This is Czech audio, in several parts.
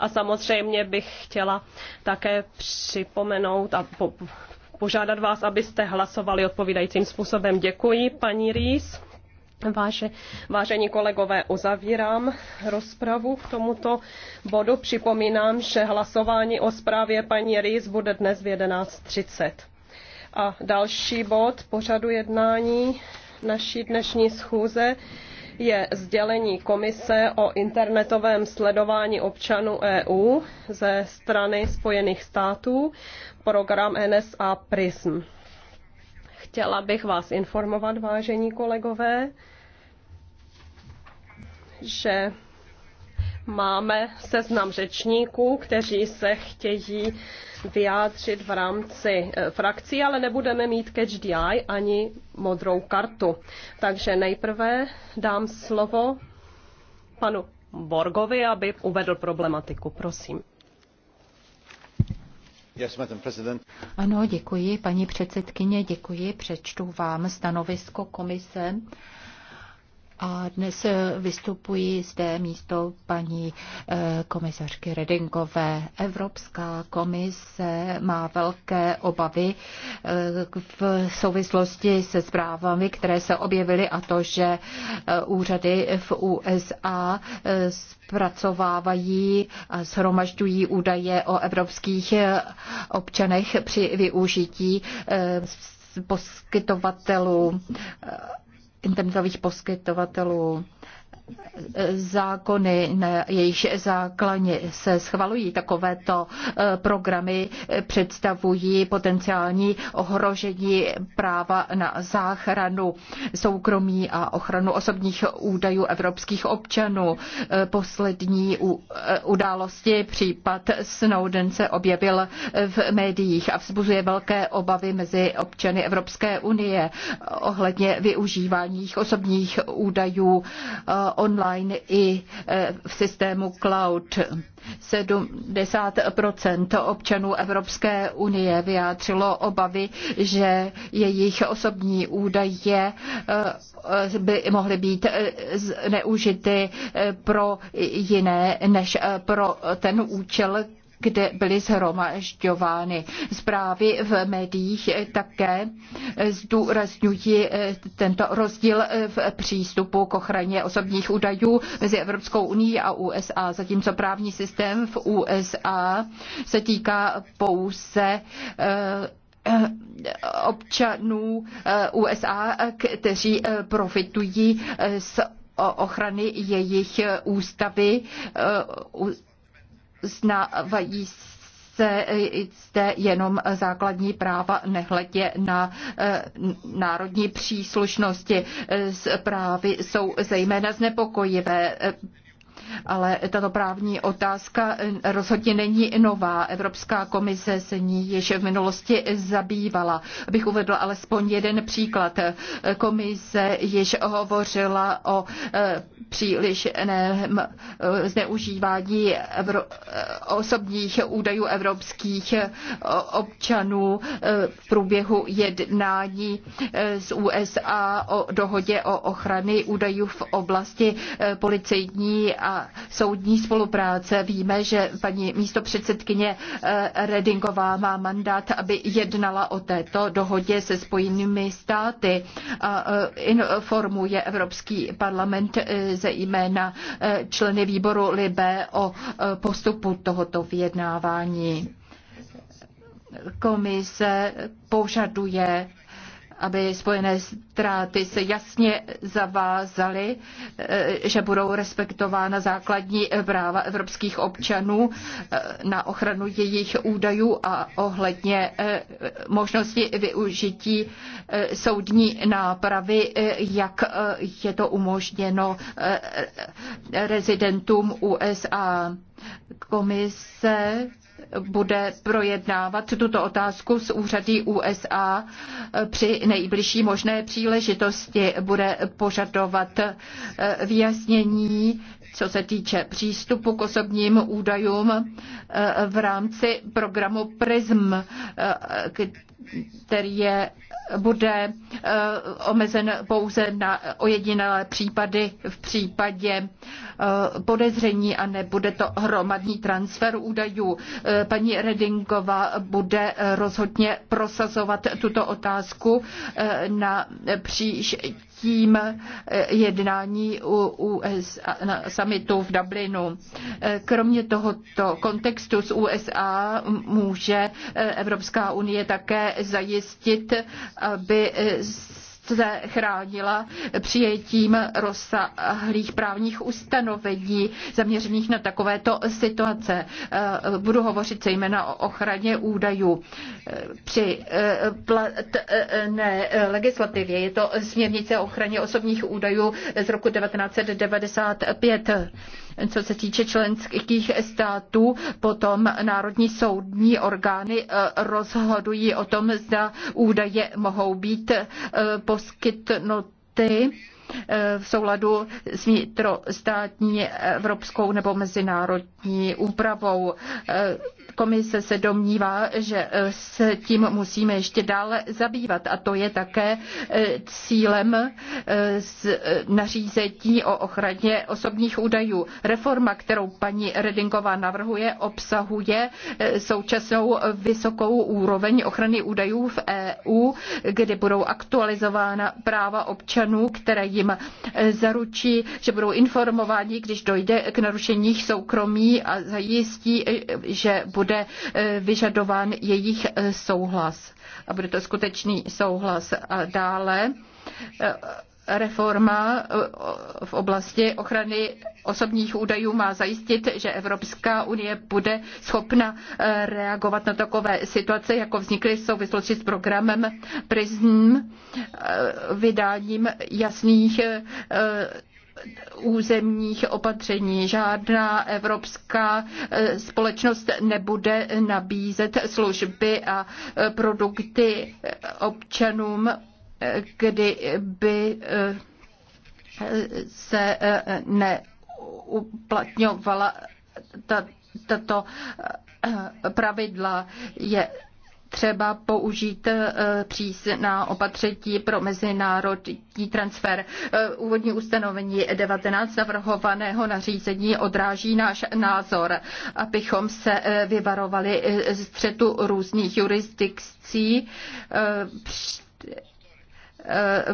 A samozřejmě bych chtěla také připomenout a po, požádat vás, abyste hlasovali odpovídajícím způsobem. Děkuji, paní Rýs. Váže, vážení kolegové, uzavírám rozpravu k tomuto bodu. Připomínám, že hlasování o zprávě paní Rýs bude dnes v 11.30. A další bod pořadu jednání naší dnešní schůze je sdělení komise o internetovém sledování občanů EU ze strany Spojených států, program NSA PRISM. Chtěla bych vás informovat, vážení kolegové, že máme seznam řečníků, kteří se chtějí vyjádřit v rámci eh, frakcí, ale nebudeme mít catch the eye ani modrou kartu. Takže nejprve dám slovo panu Borgovi, aby uvedl problematiku. Prosím. Ano, děkuji, paní předsedkyně, děkuji. Přečtu vám stanovisko komise a dnes eh, vystupuji zde místo paní eh, komisařky Redinkové. Evropská komise má velké obavy eh, v souvislosti se zprávami, které se objevily a to, že úřady v USA zpracovávají a shromažďují údaje o evropských občanech při využití poskytovatelů internetových poskytovatelů zákony, na jejich základně se schvalují takovéto e, programy, e, představují potenciální ohrožení práva na záchranu soukromí a ochranu osobních údajů evropských občanů. E, poslední události, případ Snowden se objevil v médiích a vzbuzuje velké obavy mezi občany Evropské unie ohledně využívání jejich osobních údajů online i e, v systému cloud. 70 občanů Evropské unie vyjádřilo obavy, že jejich osobní údaje e, e, by mohly být zneužity pro jiné než pro ten účel, kde byly zhromažďovány. Zprávy v médiích také zdůrazňují eh, tento rozdíl eh, v přístupu k ochraně osobních údajů mezi Evropskou unii a USA, zatímco právní systém v USA se týká pouze eh, občanů USA, kteří profitují z ochrany jejich ústavy uznávají se zde jenom základní práva nehledě na eh, národní příslušnosti. Zprávy jsou zejména znepokojivé ale tato právní otázka rozhodně není nová. Evropská komise se ní již v minulosti zabývala. Abych uvedl alespoň jeden příklad. Komise již hovořila o eh, přílišném eh, zneužívání eh, osobních údajů evropských občanů v průběhu jednání z USA o dohodě o ochrany údajů v oblasti policejní a soudní spolupráce. Víme, že paní místo předsedkyně eh, Redingová má mandát, aby jednala o této dohodě se spojenými státy a eh, informuje Evropský parlament eh, zejména členy výboru Libe o postupu tohoto vyjednávání. Komise požaduje aby spojené ztráty se jasně zavázaly, eh, že budou respektována základní práva evropských občanů eh, na ochranu jejich údajů a ohledně eh, možnosti využití soudní nápravy, jak je to umožněno rezidentům USA. Komise bude projednávat tuto otázku s úřady USA při nejbližší možné příležitosti. Bude požadovat eh, vyjasnění, co se týče přístupu k osobním údajům eh, v rámci programu PRISM, eh, který je, bude eh, omezen pouze na ojedinelé případy v případě eh, podezření a nebude to hromadný transfer údajů. Eh, paní Redingová bude rozhodně prosazovat tuto otázku na příští tím eh, jednání u USA, na summitu v Dublinu. Eh, kromě tohoto kontextu z USA může eh, Evropská unie také zajistit, aby se chránila přijetím rozsahlých právních ustanovení zaměřených na takovéto situace. Eh, budu hovořit zejména o ochraně údajů. Eh, při eh, platné legislativě je to směrnice o ochraně osobních údajů z roku 1995 co se týče členských států, potom národní soudní orgány eh, rozhodují o tom, zda údaje mohou být eh, poskytnuty eh, v souladu s vnitrostátní evropskou nebo mezinárodní úpravou Komise se domnívá, že eh, se tím musíme ještě dále zabývat a to je také eh, cílem eh, nařízení o ochraně osobních údajů. Reforma, kterou paní Redingová navrhuje, obsahuje současnou vysokou úroveň ochrany údajů v EU, kdy budou aktualizována práva občanů, které jim zaručí, že budou informováni, když dojde k narušení soukromí a zajistí, že budou bude eh, vyžadován jejich eh, souhlas. A bude to skutečný souhlas. A dále eh, reforma v oblasti ochrany osobních údajů má zajistit, že Evropská unie bude schopna reagovat na takové situace, jako vznikly v souvislosti s programem PRISM, vydáním jasných územních opatření. Žádná evropská eh, společnost nebude nabízet služby a eh, produkty eh, občanům, kdyby se neuplatňovala tato pravidla. Je třeba použít eh, na opatření pro mezinárodní transfer. Eh, úvodní ustanovení 19 navrhovaného nařízení odráží náš názor, abychom se eh, vyvarovali střetu různých jurisdikcí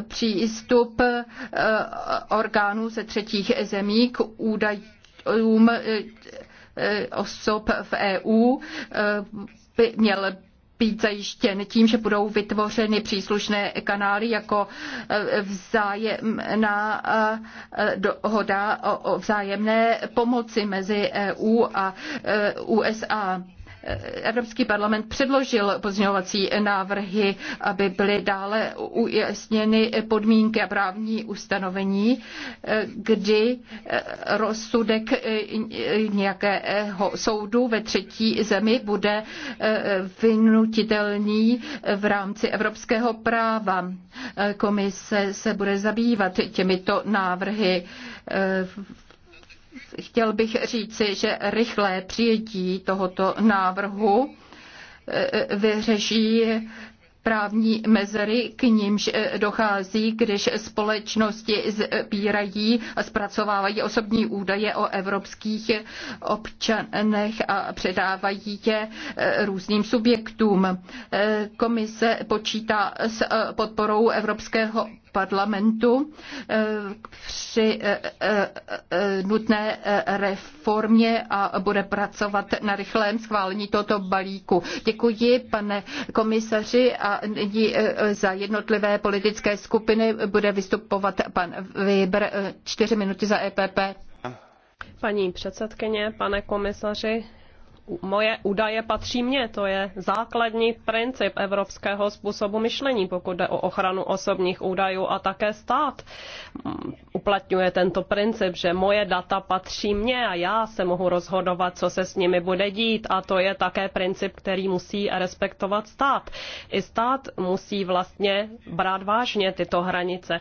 přístup orgánů ze třetích zemí k údajům osob v EU by měl být zajištěn tím, že budou vytvořeny příslušné kanály jako e, vzájemná e, e, dohoda o vzájemné pomoci mezi EU a USA. Evropský parlament předložil pozměňovací návrhy, aby byly dále ujasněny podmínky a právní ustanovení, kdy rozsudek nějakého soudu ve třetí zemi bude vynutitelný v rámci evropského práva. Komise se bude zabývat těmito návrhy chtěl bych říci, že rychlé přijetí tohoto návrhu e, e, vyřeší právní mezery, k nímž e, dochází, když společnosti sbírají a zpracovávají osobní údaje o evropských občanech a předávají je různým subjektům. Komise počítá s podporou Evropského parlamentu eh, při eh, eh, nutné reformě a bude pracovat na rychlém schválení tohoto balíku. Děkuji, pane komisaři, a nyní za jednotlivé politické skupiny bude vystupovat pan Weber čtyři minuty za EPP. Paní předsedkyně, pane komisaři, moje údaje patří mně. To je základní princip evropského způsobu myšlení, pokud jde o ochranu osobních údajů a také stát mm, uplatňuje tento princip, že moje data patří mně a já se mohu rozhodovat, co se s nimi bude dít a to je také princip, který musí respektovat stát. I stát musí vlastně brát vážně tyto hranice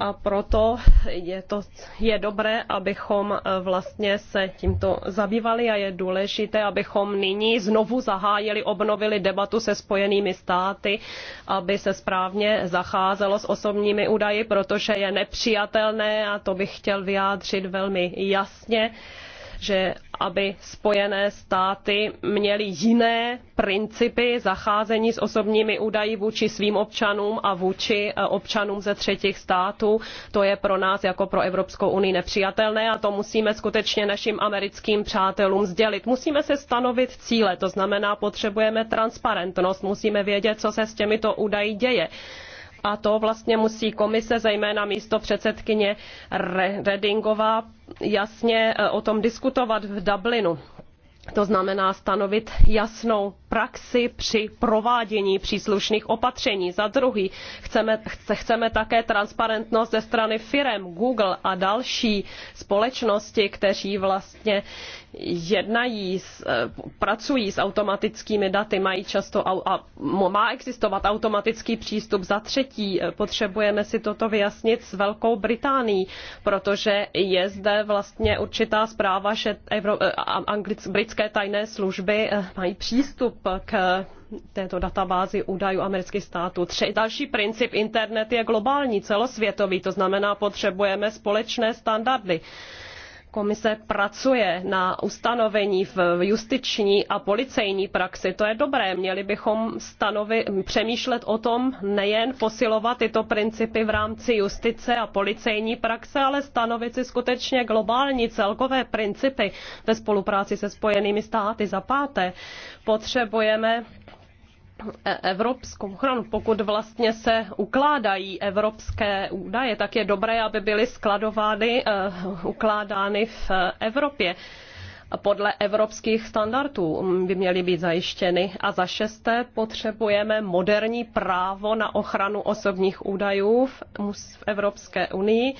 a proto je, to, je dobré, abychom eh, vlastně se tímto zabývali a je důležité, abychom nyní znovu zahájili, obnovili debatu se spojenými státy, aby se správně zacházelo s osobními údaji, protože je nepřijatelné a to bych chtěl vyjádřit velmi jasně, že aby Spojené státy měly jiné principy zacházení s osobními údaji vůči svým občanům a vůči eh, občanům ze třetích států. To je pro nás jako pro Evropskou unii nepřijatelné a to musíme skutečně našim americkým přátelům sdělit. Musíme se stanovit cíle, to znamená potřebujeme transparentnost, musíme vědět, co se s těmito údaji děje a to vlastně musí komise, zejména místo předsedkyně Redingová, jasně eh, o tom diskutovat v Dublinu. To znamená stanovit jasnou praxi při provádění příslušných opatření. Za druhý, chceme, chceme také transparentnost ze strany firem Google a další společnosti, kteří vlastně jednají, s, eh, pracují s automatickými daty, mají často a má existovat automatický přístup za třetí. Eh, potřebujeme si toto vyjasnit s Velkou Británií, protože je zde vlastně určitá zpráva, že Evro, eh, anglic, britské tajné služby mají přístup k této databázi údajů amerických států. Tři, další princip internet je globální, celosvětový, to znamená, potřebujeme společné standardy komise pracuje na ustanovení v justiční a policejní praxi. To je dobré. Měli bychom stanovi, přemýšlet o tom nejen posilovat tyto principy v rámci justice a policejní praxe, ale stanovit si skutečně globální celkové principy ve spolupráci se Spojenými státy. Za páté potřebujeme E, evropskou ochranu, pokud vlastně se ukládají evropské údaje, tak je dobré, aby byly skladovány, e, ukládány v Evropě podle evropských standardů by měly být zajištěny. A za šesté potřebujeme moderní právo na ochranu osobních údajů v Evropské unii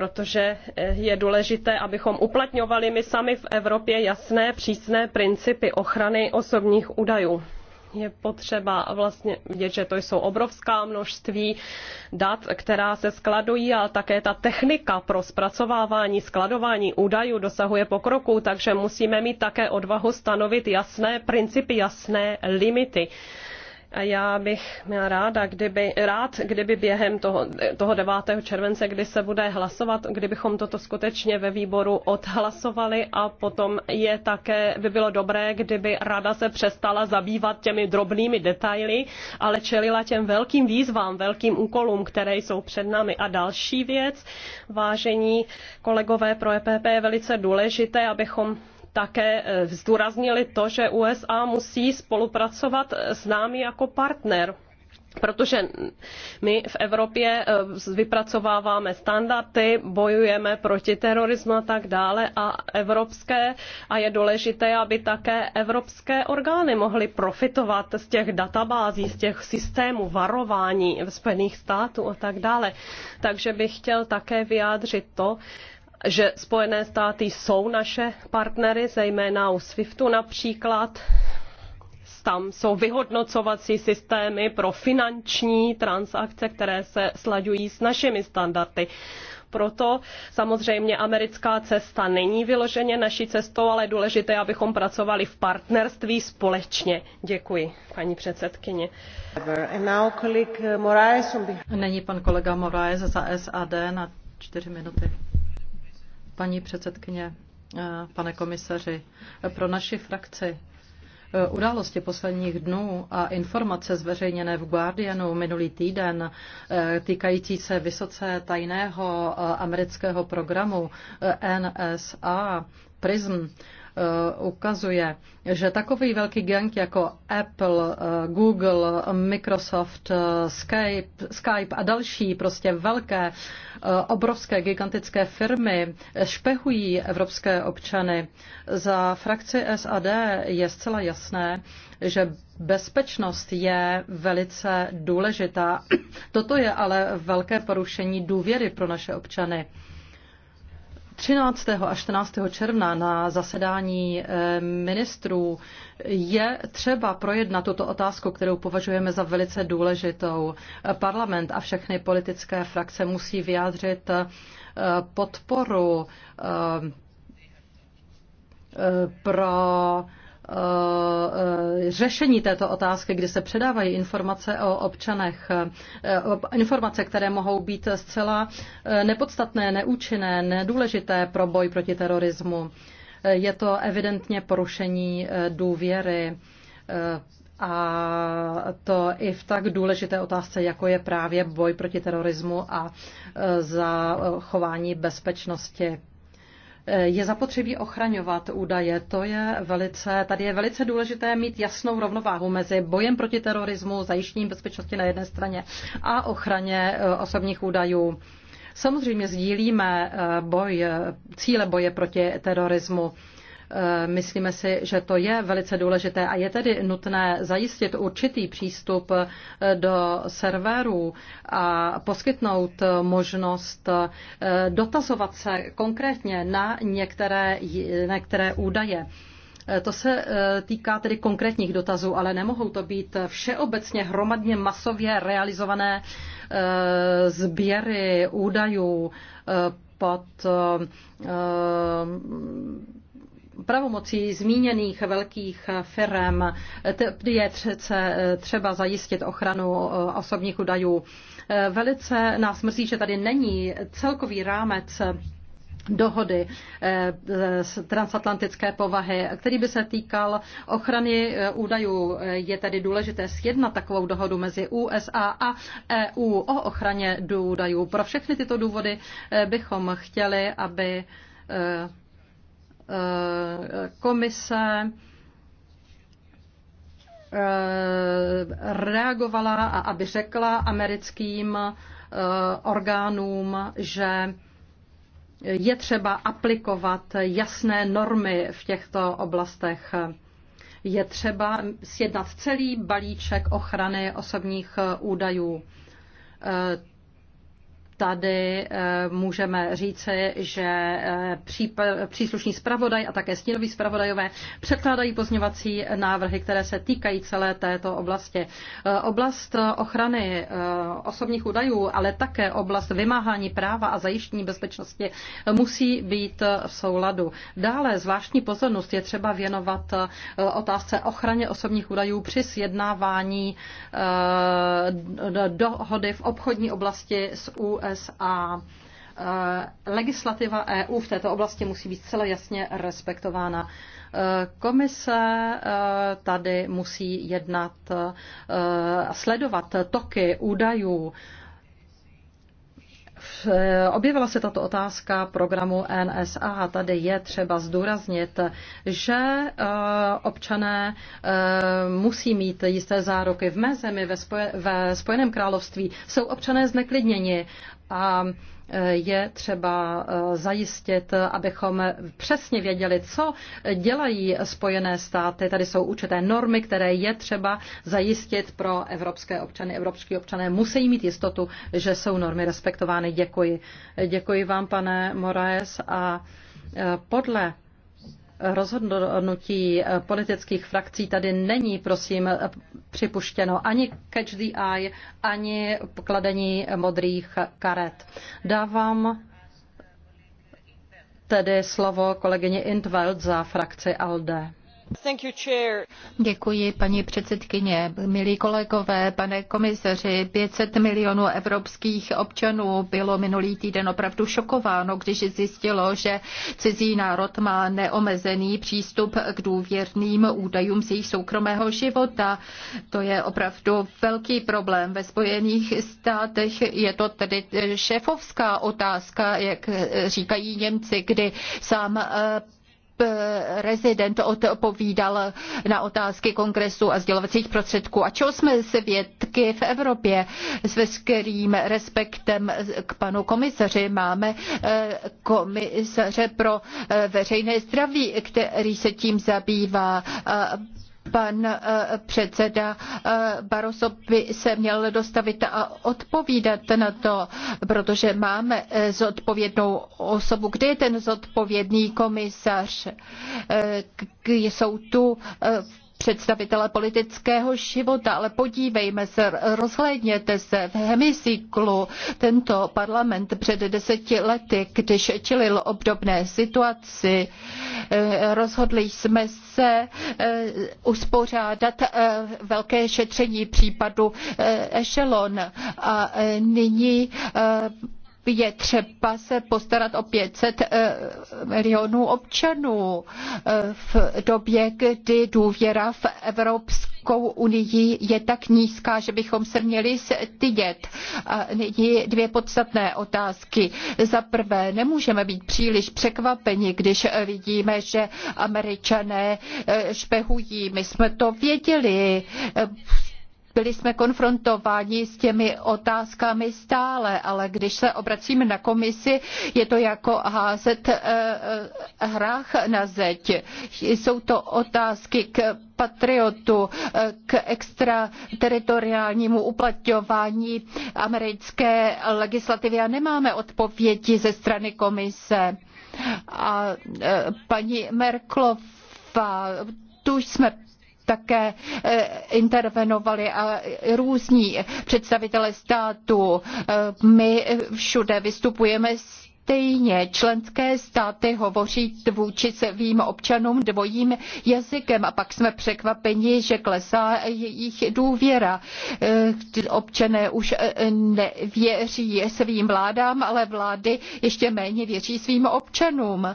protože eh, je důležité, abychom uplatňovali my sami v Evropě jasné, přísné principy ochrany osobních údajů je potřeba vlastně vidět, že to jsou obrovská množství dat, která se skladují, ale také ta technika pro zpracovávání, skladování údajů dosahuje pokroku, takže musíme mít také odvahu stanovit jasné principy, jasné limity a já bych měla ráda, kdyby, rád, kdyby během toho, toho 9. července, kdy se bude hlasovat, kdybychom toto skutečně ve výboru odhlasovali a potom je také, by bylo dobré, kdyby rada se přestala zabývat těmi drobnými detaily, ale čelila těm velkým výzvám, velkým úkolům, které jsou před námi. A další věc, vážení kolegové pro EPP, je velice důležité, abychom také eh, zdůraznili to, že USA musí spolupracovat eh, s námi jako partner. Protože my v Evropě eh, vypracováváme standardy, bojujeme proti terorismu a tak dále a evropské a je důležité, aby také evropské orgány mohly profitovat z těch databází, z těch systémů varování v Spojených států a tak dále. Takže bych chtěl také vyjádřit to, že Spojené státy jsou naše partnery, zejména u SWIFTu například. Tam jsou vyhodnocovací systémy pro finanční transakce, které se slaďují s našimi standardy. Proto samozřejmě americká cesta není vyloženě naší cestou, ale je důležité, abychom pracovali v partnerství společně. Děkuji, paní předsedkyně. Není pan kolega Moraes za SAD na čtyři minuty paní předsedkyně, eh, pane komisaři. Pro naši frakci eh, Události posledních dnů a informace zveřejněné v Guardianu minulý týden eh, týkající se vysoce tajného amerického programu NSA PRISM Eh, ukazuje, že takový velký gang jako Apple, eh, Google, Microsoft, eh, Skype, Skype a další prostě velké, obrovské, gigantické firmy špehují evropské občany. Za frakci SAD je zcela jasné, že bezpečnost je velice důležitá. Toto je ale velké porušení důvěry pro naše občany. 13. a 14. června na zasedání eh, ministrů je třeba projednat tuto otázku, kterou považujeme za velice důležitou. Parlament a všechny politické frakce musí vyjádřit eh, podporu eh, pro Eh, eh, řešení této otázky, kdy se předávají informace o občanech, eh, informace, které mohou být zcela nepodstatné, neúčinné, nedůležité pro boj proti terorismu. Je to evidentně porušení důvěry a to i v tak důležité otázce, jako je právě boj proti terorismu a za chování bezpečnosti. Eh, je zapotřebí ochraňovat údaje. To je velice, tady je velice důležité mít jasnou rovnováhu mezi bojem proti terorismu, zajištěním bezpečnosti na jedné straně a ochraně eh, osobních údajů. Samozřejmě sdílíme eh, boj, cíle boje proti terorismu Eh, myslíme si, že to je velice důležité a je tedy nutné zajistit určitý přístup eh, do serverů a poskytnout eh, možnost dotazovat se konkrétně na některé, některé údaje. To se týká tedy konkrétních dotazů, ale nemohou to být všeobecně hromadně masově realizované sběry údajů pod pravomocí zmíněných velkých firm je třeba zajistit ochranu eh, osobních údajů. Eh, velice nás mrzí, že tady není celkový rámec dohody eh, z transatlantické povahy, který by se týkal ochrany údajů. Je tedy důležité sjednat takovou dohodu mezi USA a EU o ochraně údajů. Pro všechny tyto důvody bychom chtěli, aby Eh, komise eh, reagovala a aby řekla americkým eh, orgánům, že je třeba aplikovat jasné normy v těchto oblastech. Je třeba sjednat celý balíček ochrany osobních údajů tady eh, můžeme říci, že eh, příslušný zpravodaj a také stínoví zpravodajové překládají pozňovací návrhy, které se týkají celé této oblasti. Eh, oblast ochrany osobních údajů, ale také oblast vymáhání práva a zajištění bezpečnosti musí být v souladu. Dále zvláštní pozornost je třeba věnovat otázce ochraně osobních údajů při sjednávání dohody v obchodní oblasti s USA. USA. E, legislativa EU v této oblasti musí být zcela jasně respektována. E, komise e, tady musí jednat a sledovat toky údajů Eh, objevila se tato otázka programu NSA. Tady je třeba zdůraznit, že eh, občané eh, musí mít jisté zároky. V mé zemi, ve, spoje, ve Spojeném království, jsou občané zneklidněni a je třeba eh, zajistit, abychom přesně věděli, co dělají Spojené státy. Tady jsou určité normy, které je třeba zajistit pro evropské občany. Evropští občané musí mít jistotu, že jsou normy respektovány. Děkuji. Děkuji vám, pane Moraes. A eh, podle rozhodnutí eh, politických frakcí tady není, prosím, eh, připuštěno ani catch the eye, ani pokladení modrých karet. Dávám tedy slovo kolegyně Intveld za frakci ALDE. Děkuji, paní předsedkyně. Milí kolegové, pane komisaři, 500 milionů evropských občanů bylo minulý týden opravdu šokováno, když zjistilo, že cizí národ má neomezený přístup k důvěrným údajům z jejich soukromého života. To je opravdu velký problém. Ve Spojených státech je to tedy šéfovská otázka, jak říkají Němci, kdy sám eh, prezident eh, odpovídal na otázky kongresu a sdělovacích prostředků. A čeho jsme svědky v Evropě s veškerým respektem k panu komisaři? Máme eh, komisaře pro eh, veřejné zdraví, který se tím zabývá Pan eh, předseda eh, Barroso by se měl dostavit a odpovídat na to, protože máme eh, zodpovědnou osobu. Kde je ten zodpovědný komisař? Jsou tu představitele politického života, ale podívejme se, rozhlédněte se v hemicyklu. Tento parlament před deseti lety, když čelil obdobné situaci, eh, rozhodli jsme se eh, uspořádat eh, velké šetření případu Echelon a nyní je třeba se postarat o 500 eh, milionů občanů eh, v době, kdy důvěra v Evropskou unii je tak nízká, že bychom se měli stydět. A nyní dvě podstatné otázky. Za prvé, nemůžeme být příliš překvapeni, když vidíme, že američané eh, špehují. My jsme to věděli byli jsme konfrontováni s těmi otázkami stále, ale když se obracíme na komisi, je to jako házet eh, eh, hrách na zeď. Jsou to otázky k patriotu, eh, k extrateritoriálnímu uplatňování americké legislativy a nemáme odpovědi ze strany komise. A paní Merkelová, tu jsme také eh, intervenovali a různí představitelé státu. Eh, my všude vystupujeme s stejně. Členské státy hovoří vůči svým občanům dvojím jazykem a pak jsme překvapeni, že klesá jejich důvěra. Eh, občané už eh, nevěří svým vládám, ale vlády ještě méně věří svým občanům.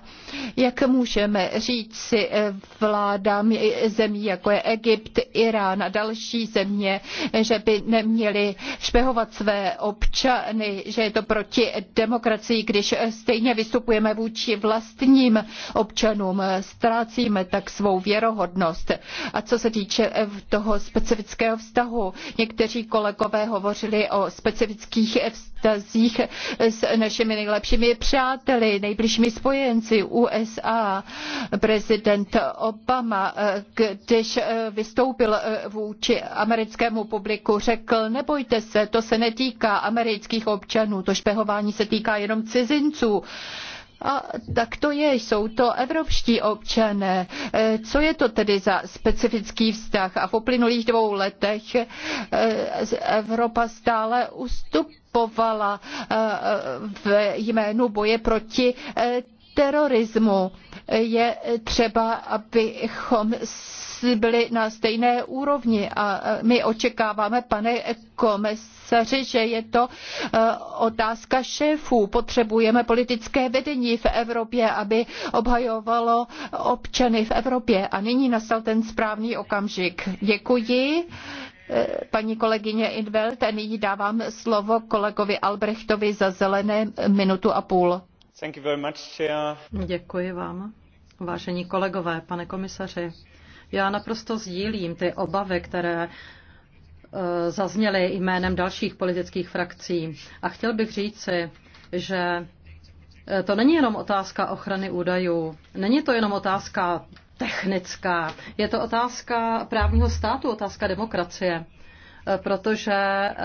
Jak můžeme říct si eh, vládám zemí, jako je Egypt, Irán a další země, že by neměli špehovat své občany, že je to proti demokracii, když stejně vystupujeme vůči vlastním občanům, ztrácíme tak svou věrohodnost. A co se týče eh, toho specifického vztahu, někteří kolegové hovořili o specifických vztahů vztazích s našimi nejlepšími přáteli, nejbližšími spojenci USA. Prezident Obama, když vystoupil vůči americkému publiku, řekl, nebojte se, to se netýká amerických občanů, to špehování se týká jenom cizinců. A tak to je, jsou to evropští občané. E, co je to tedy za specifický vztah? A v uplynulých dvou letech e, Evropa stále ustupovala e, v jménu boje proti terorismu. Je třeba, abychom byli na stejné úrovni a e, my očekáváme, pane komisaři, že je to e, otázka šéfů. Potřebujeme politické vedení v Evropě, aby obhajovalo občany v Evropě. A nyní nastal ten správný okamžik. Děkuji e, paní kolegyně Invelt a nyní dávám slovo kolegovi Albrechtovi za zelené minutu a půl. Děkuji vám. Vážení kolegové, pane komisaři, já naprosto sdílím ty obavy, které eh, zazněly jménem dalších politických frakcí. A chtěl bych říci, že eh, to není jenom otázka ochrany údajů, není to jenom otázka technická, je to otázka právního státu, otázka demokracie protože eh,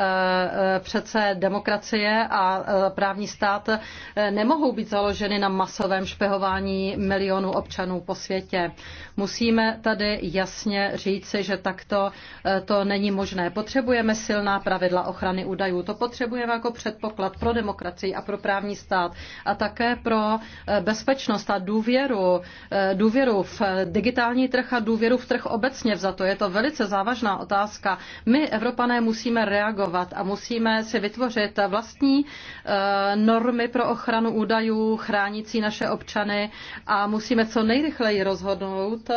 přece demokracie a eh, právní stát eh, nemohou být založeny na masovém špehování milionů občanů po světě. Musíme tady jasně říci, že takto to není možné. Potřebujeme silná pravidla ochrany údajů. To potřebujeme jako předpoklad pro demokracii a pro právní stát a také pro bezpečnost a důvěru, důvěru v digitální trh a důvěru v trh obecně vzato. Je to velice závažná otázka. My, Evropa Evropané musíme reagovat a musíme si vytvořit vlastní eh, normy pro ochranu údajů chránící naše občany a musíme co nejrychleji rozhodnout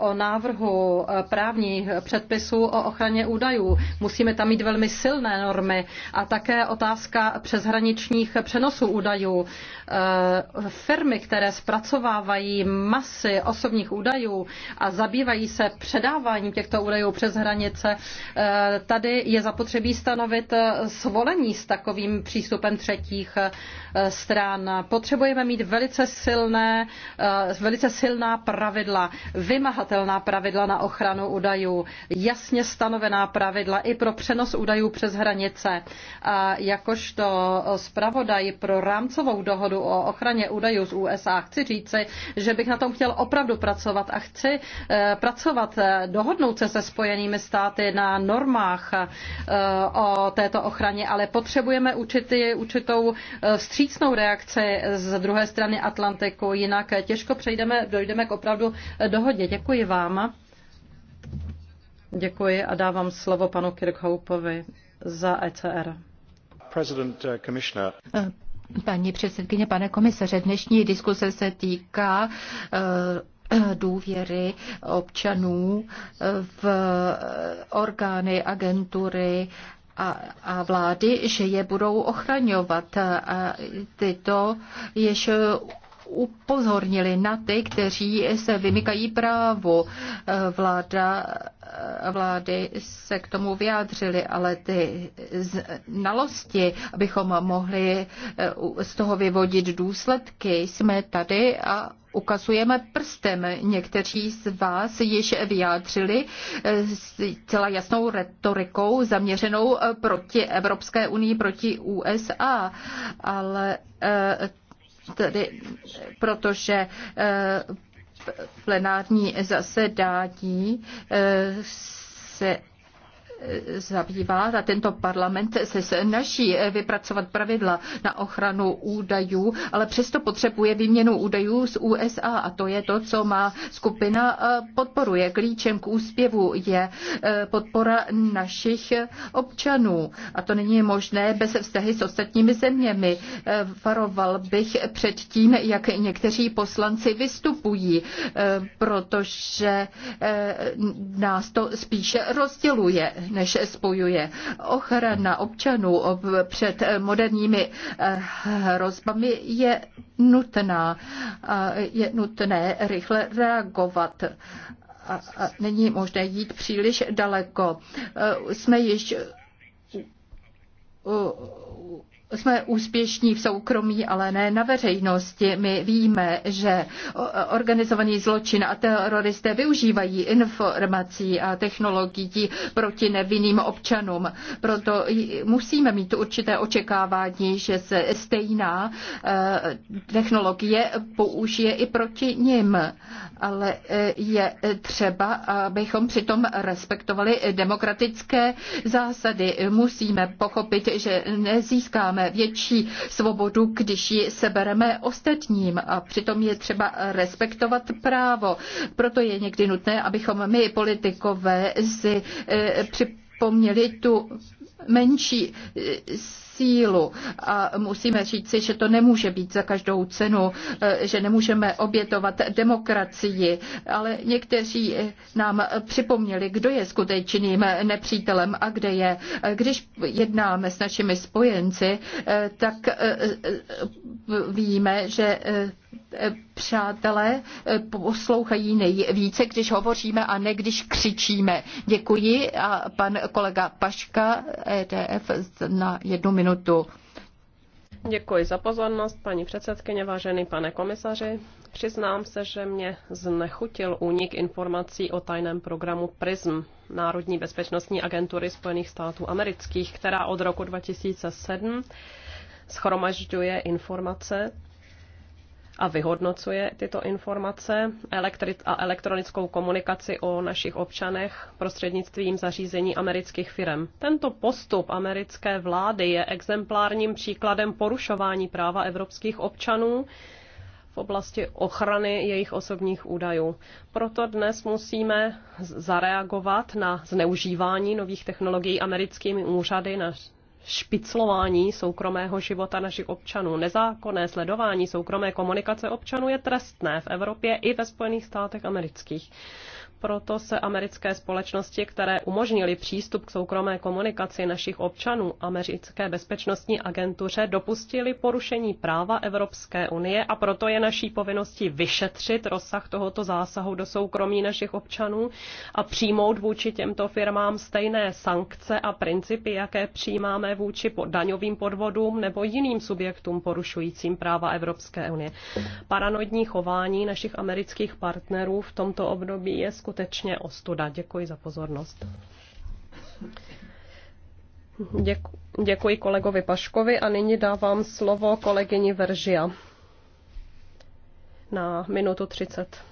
o návrhu eh, právních předpisů o ochraně údajů. Musíme tam mít velmi silné normy a také otázka přeshraničních přenosů údajů. Eh, firmy, které zpracovávají masy osobních údajů a zabývají se předáváním těchto údajů přes hranice, eh, tady je zapotřebí stanovit svolení s takovým přístupem třetích stran. Potřebujeme mít velice silné, velice silná pravidla, vymahat vymahatelná pravidla na ochranu údajů, jasně stanovená pravidla i pro přenos údajů přes hranice. A jakožto zpravodaj pro rámcovou dohodu o ochraně údajů z USA chci říci, že bych na tom chtěl opravdu pracovat a chci eh, pracovat, eh, dohodnout se se spojenými státy na normách eh, o této ochraně, ale potřebujeme určitý, určitou vstřícnou reakci z druhé strany Atlantiku, jinak těžko přejdeme, dojdeme k opravdu dohodě. Děkuji. Děkuji vám. Děkuji a dávám slovo panu Kirkhoupovi za ECR. Uh, eh, paní předsedkyně, pane komisaře, dnešní diskuse se týká eh, eh, důvěry občanů v orgány, agentury a, a vlády, že je budou ochraňovat. A tyto jež upozornili na ty, kteří se vymykají právu. Vláda, vlády se k tomu vyjádřili, ale ty znalosti, abychom mohli eh, z toho vyvodit důsledky, jsme tady a ukazujeme prstem. Někteří z vás již vyjádřili eh, celá jasnou retorikou zaměřenou eh, proti Evropské unii, proti USA, ale tady protože eh, plenární zasedání eh, se Zabývá a tento parlament se snaží vypracovat pravidla na ochranu údajů, ale přesto potřebuje výměnu údajů z USA a to je to, co má skupina eh, podporuje. Klíčem k úspěvu je eh, podpora našich občanů a to není možné bez vztahy s ostatními zeměmi. Eh, varoval bych před tím, jak někteří poslanci vystupují, protože nás to spíše rozděluje než spojuje. Ochrana občanů před moderními eh, hrozbami je nutná. Je nutné rychle reagovat a, není možné jít příliš daleko. Eh, jsme již jsme úspěšní v soukromí, ale ne na veřejnosti. My víme, že organizovaný zločin a teroristé využívají informací a technologií proti nevinným občanům. Proto musíme mít určité očekávání, že se stejná eh, technologie použije i proti nim. Ale eh, je třeba, abychom přitom respektovali demokratické zásady. Musíme pochopit, že nezískáme dáme větší svobodu, když ji sebereme ostatním a přitom je třeba respektovat právo. Proto je někdy nutné, abychom my politikové si eh, připomněli tu menší eh, sílu a musíme říci, že to nemůže být za každou cenu, eh, že nemůžeme obětovat demokracii, ale někteří eh, nám připomněli, kdo je skutečným nepřítelem a kde je. Když jednáme s našimi spojenci, tak víme, že přátelé poslouchají nejvíce, když hovoříme a ne když křičíme. Děkuji a pan kolega Paška EDF na jednu minutu. Děkuji za pozornost, paní předsedkyně, vážený pane komisaři. Přiznám se, že mě znechutil únik informací o tajném programu PRISM Národní bezpečnostní agentury Spojených států amerických, která od roku 2007 schromažďuje informace a vyhodnocuje tyto informace a elektronickou komunikaci o našich občanech prostřednictvím zařízení amerických firm. Tento postup americké vlády je exemplárním příkladem porušování práva evropských občanů v oblasti ochrany jejich osobních údajů. Proto dnes musíme zareagovat na zneužívání nových technologií americkými úřady na špiclování soukromého života našich občanů, nezákonné sledování soukromé komunikace občanů je trestné v Evropě i ve Spojených státech amerických proto se americké společnosti, které umožnily přístup k soukromé komunikaci našich občanů americké bezpečnostní agentuře, dopustily porušení práva Evropské unie a proto je naší povinností vyšetřit rozsah tohoto zásahu do soukromí našich občanů a přijmout vůči těmto firmám stejné sankce a principy, jaké přijímáme vůči daňovým podvodům nebo jiným subjektům porušujícím práva Evropské unie. Paranoidní chování našich amerických partnerů v tomto období je skutečně skutečně ostuda. Děkuji za pozornost. Děku, děkuji kolegovi Paškovi a nyní dávám slovo kolegyni Veržia na minutu 30.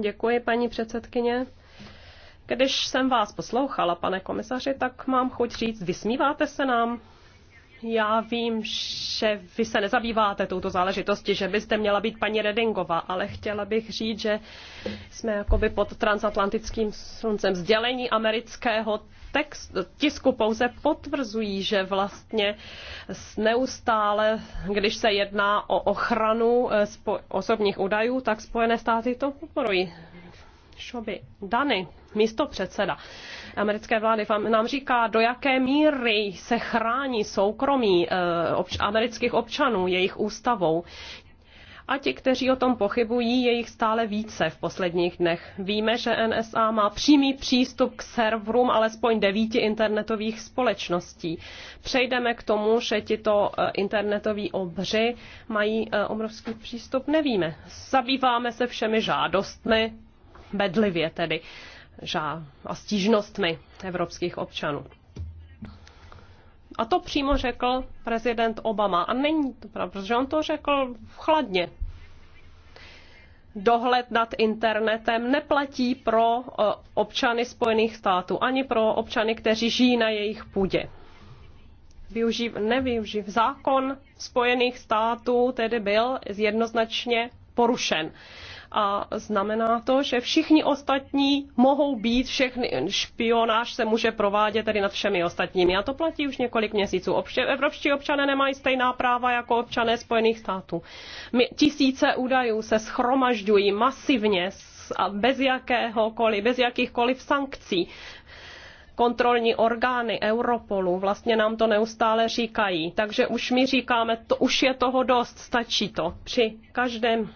Děkuji, paní předsedkyně. Když jsem vás poslouchala, pane komisaři, tak mám chuť říct, vysmíváte se nám? Já vím, že vy se nezabýváte touto záležitosti, že byste měla být paní Redingová, ale chtěla bych říct, že jsme jakoby pod transatlantickým sluncem. Sdělení amerického text, tisku pouze potvrzují, že vlastně neustále, když se jedná o ochranu eh, osobních údajů, tak Spojené státy to podporují. Šoby. Dany, místo předseda americké vlády nám říká, do jaké míry se chrání soukromí eh, obč- amerických občanů jejich ústavou a ti, kteří o tom pochybují, je jich stále více v posledních dnech. Víme, že NSA má přímý přístup k serverům alespoň devíti internetových společností. Přejdeme k tomu, že tito eh, internetoví obři mají eh, obrovský přístup, nevíme. Zabýváme se všemi žádostmi, bedlivě tedy a stížnostmi evropských občanů. A to přímo řekl prezident Obama. A není to pravda, protože on to řekl chladně. Dohled nad internetem neplatí pro e, občany Spojených států, ani pro občany, kteří žijí na jejich půdě. Využiv, nevyuživ zákon Spojených států tedy byl jednoznačně porušen a znamená to, že všichni ostatní mohou být, všechny, špionáž se může provádět tedy nad všemi ostatními a to platí už několik měsíců. Obče, evropští občané nemají stejná práva jako občané Spojených států. My, tisíce údajů se schromažďují masivně a bez jakéhokoliv, bez jakýchkoliv sankcí kontrolní orgány Europolu vlastně nám to neustále říkají. Takže už my říkáme, to už je toho dost, stačí to. Při každém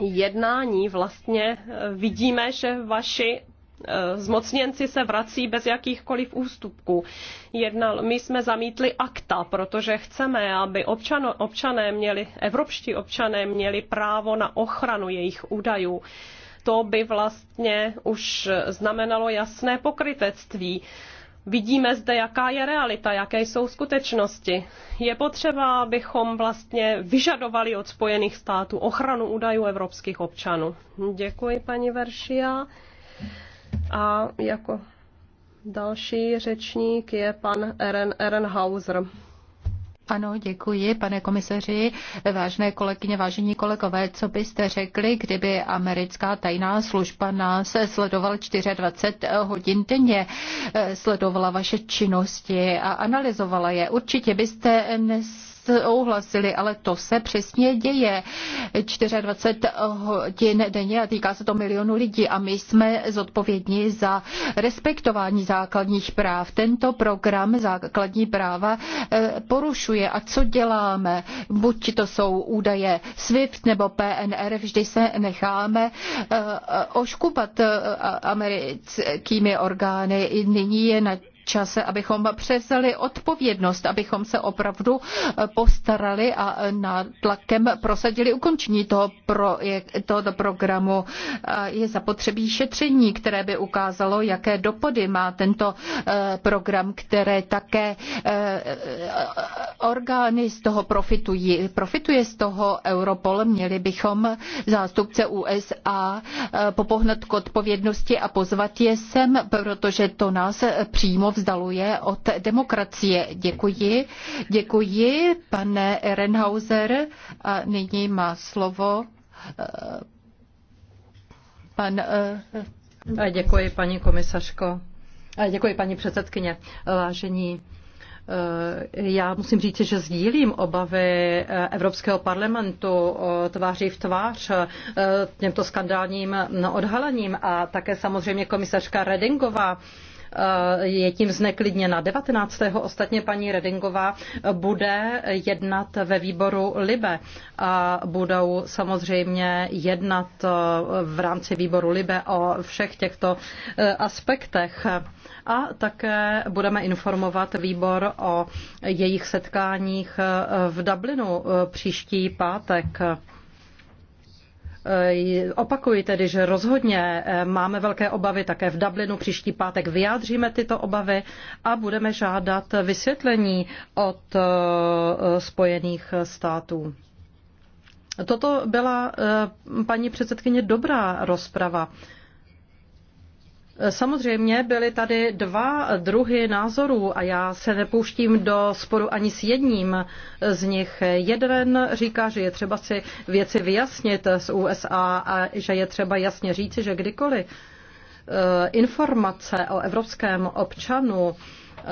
jednání vlastně eh, vidíme, že vaši eh, zmocněnci se vrací bez jakýchkoliv ústupků. Jednal, my jsme zamítli akta, protože chceme, aby občano, občané měli, evropští občané měli právo na ochranu jejich údajů. To by vlastně už znamenalo jasné pokrytectví vidíme zde, jaká je realita, jaké jsou skutečnosti. Je potřeba, abychom vlastně vyžadovali od Spojených států ochranu údajů evropských občanů. Děkuji, paní Veršia. A jako další řečník je pan Eren, Eren Hauser. Ano, děkuji, pane komisaři. Vážné kolegyně, vážení kolegové, co byste řekli, kdyby americká tajná služba nás sledovala 24 hodin denně, sledovala vaše činnosti a analyzovala je? Určitě byste nes odsouhlasili, ale to se přesně děje. 24 hodin denně a týká se to milionu lidí a my jsme zodpovědní za respektování základních práv. Tento program základní práva eh, porušuje a co děláme? Buď to jsou údaje SWIFT nebo PNR, vždy se necháme eh, eh, oškupat americkými orgány. Nyní je na čase, abychom převzali odpovědnost, abychom se opravdu eh, postarali a eh, tlakem prosadili ukončení toho, pro tohoto programu. Je zapotřebí šetření, které by ukázalo, jaké dopady má tento eh, program, které také orgány z toho profitují. Profituje z toho Europol, měli bychom zástupce USA popohnat k odpovědnosti a pozvat je sem, protože to nás přímo oddaluje od demokracie. Děkuji. Děkuji, pane Renhauser. A nyní má slovo eh, pan... Eh, děkuji, paní komisařko. Děkuji, paní předsedkyně. Vážení eh, já musím říct, že sdílím obavy Evropského parlamentu tváří v tvář těmto skandálním no, odhalením a také samozřejmě komisařka Redingová Eh, je tím zneklidněna. 19. ostatně paní Redingová bude jednat ve výboru Libe a budou samozřejmě jednat eh, v rámci výboru Libe o všech těchto eh, aspektech. A také budeme informovat výbor o jejich setkáních v Dublinu příští pátek. Eh, opakuji tedy, že rozhodně eh, máme velké obavy také v Dublinu. Příští pátek vyjádříme tyto obavy a budeme žádat vysvětlení od eh, Spojených států. Toto byla paní předsedkyně dobrá rozprava. Samozřejmě byly tady dva druhy názorů a já se nepouštím do sporu ani s jedním z nich. Jeden říká, že je třeba si věci vyjasnit z USA a že je třeba jasně říci, že kdykoliv eh, informace o evropském občanu eh,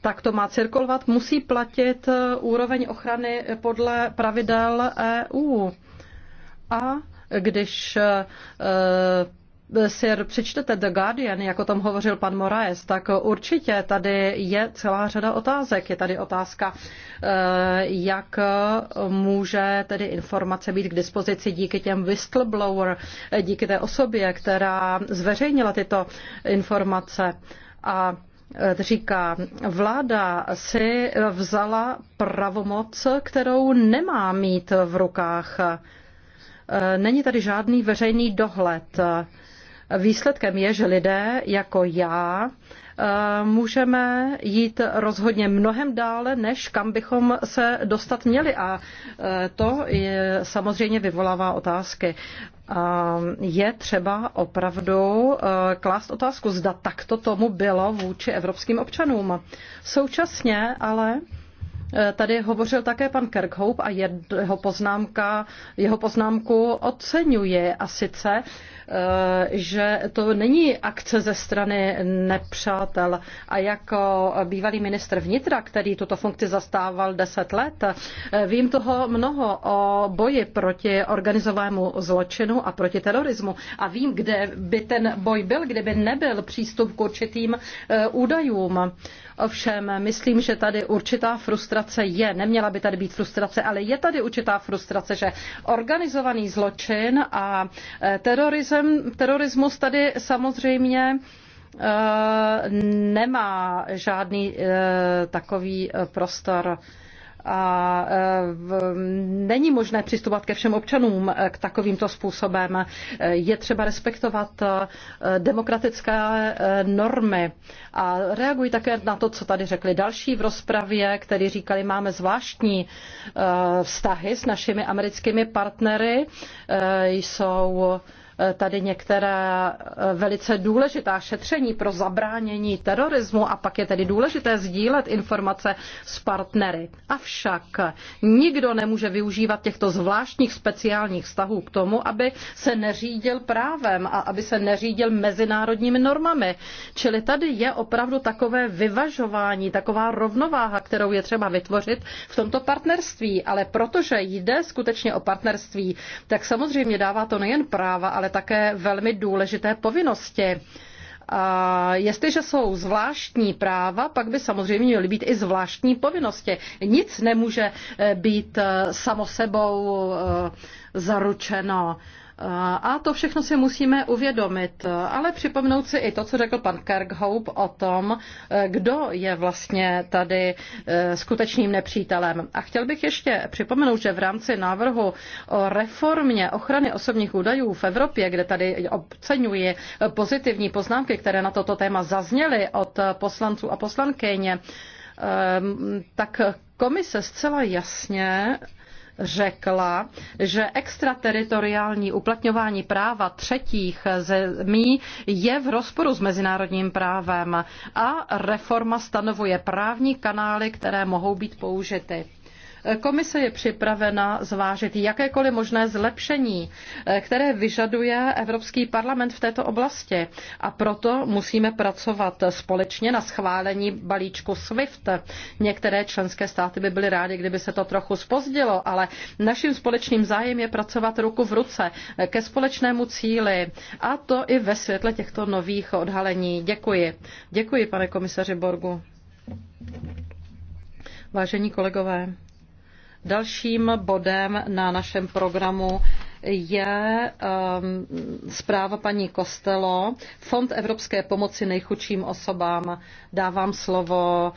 tak to má cirkulovat, musí platit eh, úroveň ochrany podle pravidel EU. A když eh, si přečtete The Guardian, jak o tom hovořil pan Moraes, tak určitě tady je celá řada otázek. Je tady otázka, eh, jak může tedy informace být k dispozici díky těm whistleblower, eh, díky té osobě, která zveřejnila tyto informace. A říká, vláda si vzala pravomoc, kterou nemá mít v rukách. Eh, není tady žádný veřejný dohled. Eh, výsledkem je, že lidé jako já eh, můžeme jít rozhodně mnohem dále, než kam bychom se dostat měli. A to je, samozřejmě vyvolává otázky. Ehm, je třeba opravdu klást otázku, zda takto tomu bylo vůči evropským občanům. Současně ale Eh, tady hovořil také pan Kerkhope a jeho, poznámka, jeho poznámku oceňuje a sice, Eh, že to není akce ze strany nepřátel. A jako bývalý ministr vnitra, který tuto funkci zastával deset let, eh, vím toho mnoho o boji proti organizovanému zločinu a proti terorismu. A vím, kde by ten boj byl, kdyby nebyl přístup k určitým eh, údajům. Ovšem, myslím, že tady určitá frustrace je. Neměla by tady být frustrace, ale je tady určitá frustrace, že organizovaný zločin a terorismus jsem terorismus tady samozřejmě eh, nemá žádný eh, takový eh, prostor a není možné přistupovat ke všem občanům k takovýmto způsobem. Je třeba respektovat demokratické normy. A reaguji také na to, co tady řekli další v rozpravě, kteří říkali, máme zvláštní vztahy s našimi americkými partnery, jsou Eh, tady některá eh, velice důležitá šetření pro zabránění terorismu a pak je tedy důležité sdílet informace s partnery. Avšak nikdo nemůže využívat těchto zvláštních speciálních vztahů k tomu, aby se neřídil právem a aby se neřídil mezinárodními normami. Čili tady je opravdu takové vyvažování, taková rovnováha, kterou je třeba vytvořit v tomto partnerství. Ale protože jde skutečně o partnerství, tak samozřejmě dává to nejen práva, ale ale také velmi důležité povinnosti. A jestliže jsou zvláštní práva, pak by samozřejmě měly být i zvláštní povinnosti. Nic nemůže eh, být eh, samo sebou eh, zaručeno. A to všechno si musíme uvědomit, ale připomnout si i to, co řekl pan Kerkhope o tom, kdo je vlastně tady e, skutečným nepřítelem. A chtěl bych ještě připomenout, že v rámci návrhu o reformě ochrany osobních údajů v Evropě, kde tady oceňuji pozitivní poznámky, které na toto téma zazněly od poslanců a poslankyně, e, tak komise zcela jasně řekla, že extrateritoriální uplatňování práva třetích zemí je v rozporu s mezinárodním právem a reforma stanovuje právní kanály, které mohou být použity. Komise je připravena zvážit jakékoliv možné zlepšení, eh, které vyžaduje Evropský parlament v této oblasti. A proto musíme pracovat společně na schválení balíčku SWIFT. Některé členské státy by byly rádi, kdyby se to trochu spozdilo, ale naším společným zájem je pracovat ruku v ruce ke společnému cíli. A to i ve světle těchto nových odhalení. Děkuji. Děkuji, pane komisaři Borgu. Vážení kolegové, Dalším bodem na našem programu je um, zpráva paní Kostelo, Fond evropské pomoci nejchudším osobám. Dávám slovo